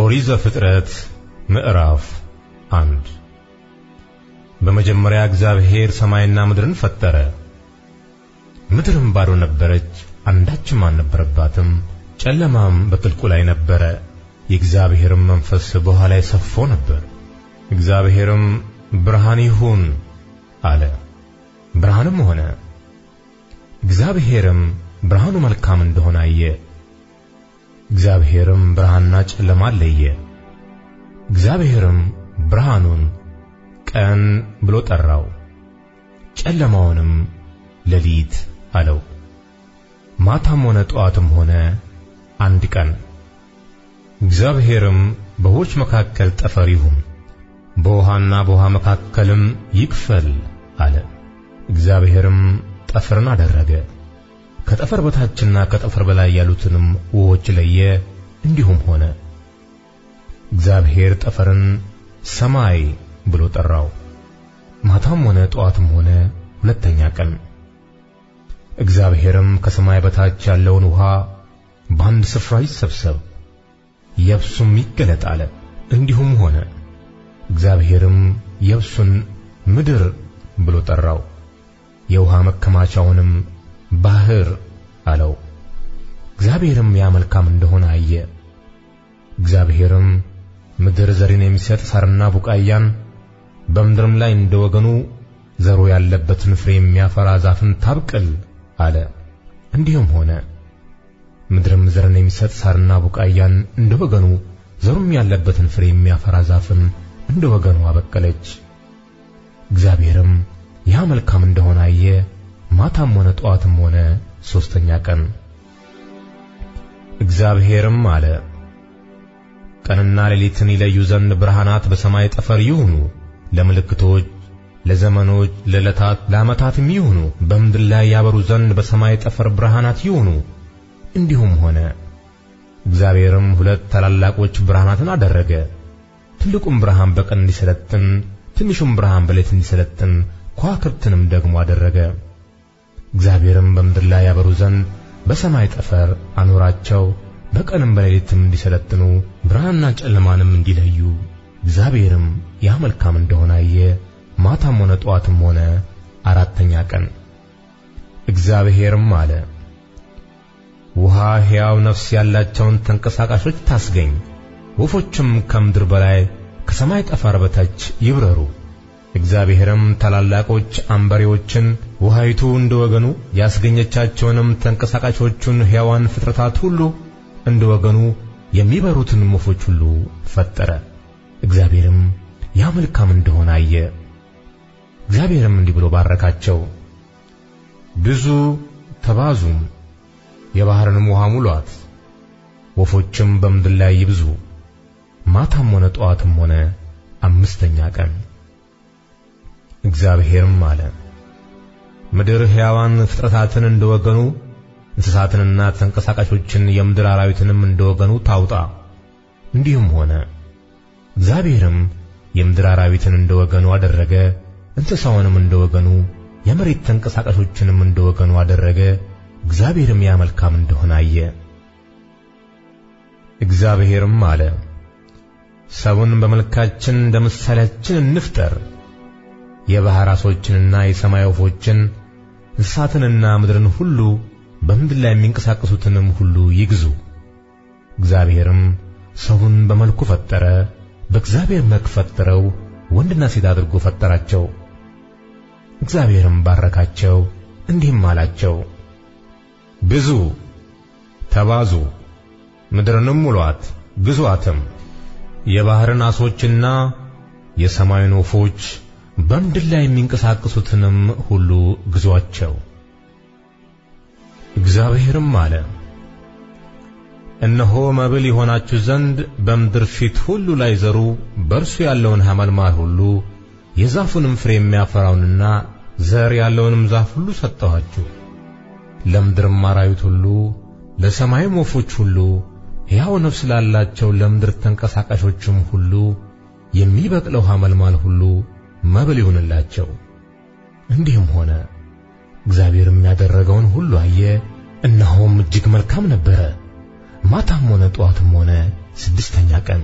ኦሪት ዘፍጥረት ምዕራፍ አንድ በመጀመሪያ እግዚአብሔር ሰማይና ምድርን ፈጠረ። ምድርም ባዶ ነበረች፣ አንዳችም አልነበረባትም። ጨለማም በጥልቁ ላይ ነበረ፣ የእግዚአብሔርም መንፈስ በውኃ ላይ ሰፎ ነበር። እግዚአብሔርም ብርሃን ይሁን አለ፣ ብርሃንም ሆነ። እግዚአብሔርም ብርሃኑ መልካም እንደሆነ አየ። እግዚአብሔርም ብርሃንና ጨለማ ለየ። እግዚአብሔርም ብርሃኑን ቀን ብሎ ጠራው፣ ጨለማውንም ሌሊት አለው። ማታም ሆነ ጠዋትም ሆነ አንድ ቀን። እግዚአብሔርም በውኆች መካከል ጠፈር ይሁን፣ በውሃና በውሃ መካከልም ይክፈል አለ። እግዚአብሔርም ጠፈርን አደረገ። ከጠፈር በታችና ከጠፈር በላይ ያሉትንም ውኆች ለየ። እንዲሁም ሆነ። እግዚአብሔር ጠፈርን ሰማይ ብሎ ጠራው። ማታም ሆነ ጠዋትም ሆነ ሁለተኛ ቀን። እግዚአብሔርም ከሰማይ በታች ያለውን ውሃ በአንድ ስፍራ ይሰብሰብ፣ የብሱም ይገለጥ አለ። እንዲሁም ሆነ። እግዚአብሔርም የብሱን ምድር ብሎ ጠራው፣ የውሃ መከማቻውንም ባህር አለው። እግዚአብሔርም ያ መልካም እንደሆነ አየ። እግዚአብሔርም ምድር ዘርን የሚሰጥ ሳርና ቡቃያን በምድርም ላይ እንደ ወገኑ ዘሩ ያለበትን ፍሬ የሚያፈራ ዛፍን ታብቅል አለ። እንዲሁም ሆነ። ምድርም ዘርን የሚሰጥ ሳርና ቡቃያን እንደ ወገኑ ዘሩም ያለበትን ፍሬ የሚያፈራ ዛፍን እንደ ወገኑ አበቀለች። እግዚአብሔርም ያ መልካም እንደሆነ አየ። ማታም ሆነ ጠዋትም ሆነ ሦስተኛ ቀን። እግዚአብሔርም አለ፣ ቀንና ሌሊትን ይለዩ ዘንድ ብርሃናት በሰማይ ጠፈር ይሁኑ፣ ለምልክቶች፣ ለዘመኖች፣ ለዕለታት፣ ለዓመታትም ይሁኑ። በምድር ላይ ያበሩ ዘንድ በሰማይ ጠፈር ብርሃናት ይሁኑ። እንዲሁም ሆነ። እግዚአብሔርም ሁለት ታላላቆች ብርሃናትን አደረገ። ትልቁም ብርሃን በቀን እንዲሰለጥን፣ ትንሹም ብርሃን በሌሊት እንዲሰለጥን ከዋክብትንም ደግሞ አደረገ። እግዚአብሔርም በምድር ላይ ያበሩ ዘንድ በሰማይ ጠፈር አኖራቸው። በቀንም በሌሊትም እንዲሰለጥኑ ብርሃንና ጨለማንም እንዲለዩ እግዚአብሔርም ያ መልካም እንደሆነ አየ። ማታም ሆነ ጠዋትም ሆነ አራተኛ ቀን። እግዚአብሔርም አለ፣ ውሃ ሕያው ነፍስ ያላቸውን ተንቀሳቃሾች ታስገኝ፣ ወፎችም ከምድር በላይ ከሰማይ ጠፈር በታች ይብረሩ። እግዚአብሔርም ታላላቆች አንበሬዎችን ውሃይቱ እንደ ወገኑ ያስገኘቻቸውንም ተንቀሳቃሾቹን ሕያዋን ፍጥረታት ሁሉ እንደ ወገኑ የሚበሩትን ወፎች ሁሉ ፈጠረ። እግዚአብሔርም ያ መልካም እንደሆነ አየ። እግዚአብሔርም እንዲህ ብሎ ባረካቸው፣ ብዙ ተባዙም፣ የባሕርንም ውሃ ሙሏት፣ ወፎችም በምድር ላይ ይብዙ። ማታም ሆነ ጠዋትም ሆነ አምስተኛ ቀን። እግዚአብሔርም አለ ምድር ሕያዋን ፍጥረታትን እንደወገኑ እንስሳትንና ተንቀሳቃሾችን የምድር አራዊትንም እንደወገኑ ታውጣ። እንዲሁም ሆነ። እግዚአብሔርም የምድር አራዊትን እንደወገኑ አደረገ፣ እንስሳውንም እንደወገኑ፣ የመሬት ተንቀሳቃሾችንም እንደወገኑ አደረገ። እግዚአብሔርም ያ መልካም እንደሆነ አየ። እግዚአብሔርም አለ፣ ሰውን በመልካችን እንደ ምሳሌያችን እንፍጠር የባሕር ዓሦችንና የሰማይ ወፎችን እንስሳትንና ምድርን ሁሉ በምድር ላይ የሚንቀሳቀሱትንም ሁሉ ይግዙ። እግዚአብሔርም ሰውን በመልኩ ፈጠረ፣ በእግዚአብሔር መልክ ፈጠረው፣ ወንድና ሴት አድርጎ ፈጠራቸው። እግዚአብሔርም ባረካቸው፣ እንዲህም አላቸው፦ ብዙ ተባዙ፣ ምድርንም ሙሏት፣ ግዙአትም የባሕርን ዓሦችና የሰማይን ወፎች በምድር ላይ የሚንቀሳቀሱትንም ሁሉ ግዟቸው። እግዚአብሔርም አለ፣ እነሆ መብል የሆናችሁ ዘንድ በምድር ፊት ሁሉ ላይ ዘሩ፣ በእርሱ ያለውን ሐመልማል ሁሉ የዛፉንም ፍሬ የሚያፈራውንና ዘር ያለውንም ዛፍ ሁሉ ሰጠኋችሁ። ለምድርም አራዊት ሁሉ፣ ለሰማይም ወፎች ሁሉ፣ ሕያው ነፍስ ላላቸው ለምድር ተንቀሳቃሾችም ሁሉ የሚበቅለው ሐመልማል ሁሉ መብል ይሁንላቸው። እንዲህም ሆነ፣ እግዚአብሔር የሚያደረገውን ሁሉ አየ፣ እነሆም እጅግ መልካም ነበረ። ማታም ሆነ ጠዋትም ሆነ ስድስተኛ ቀን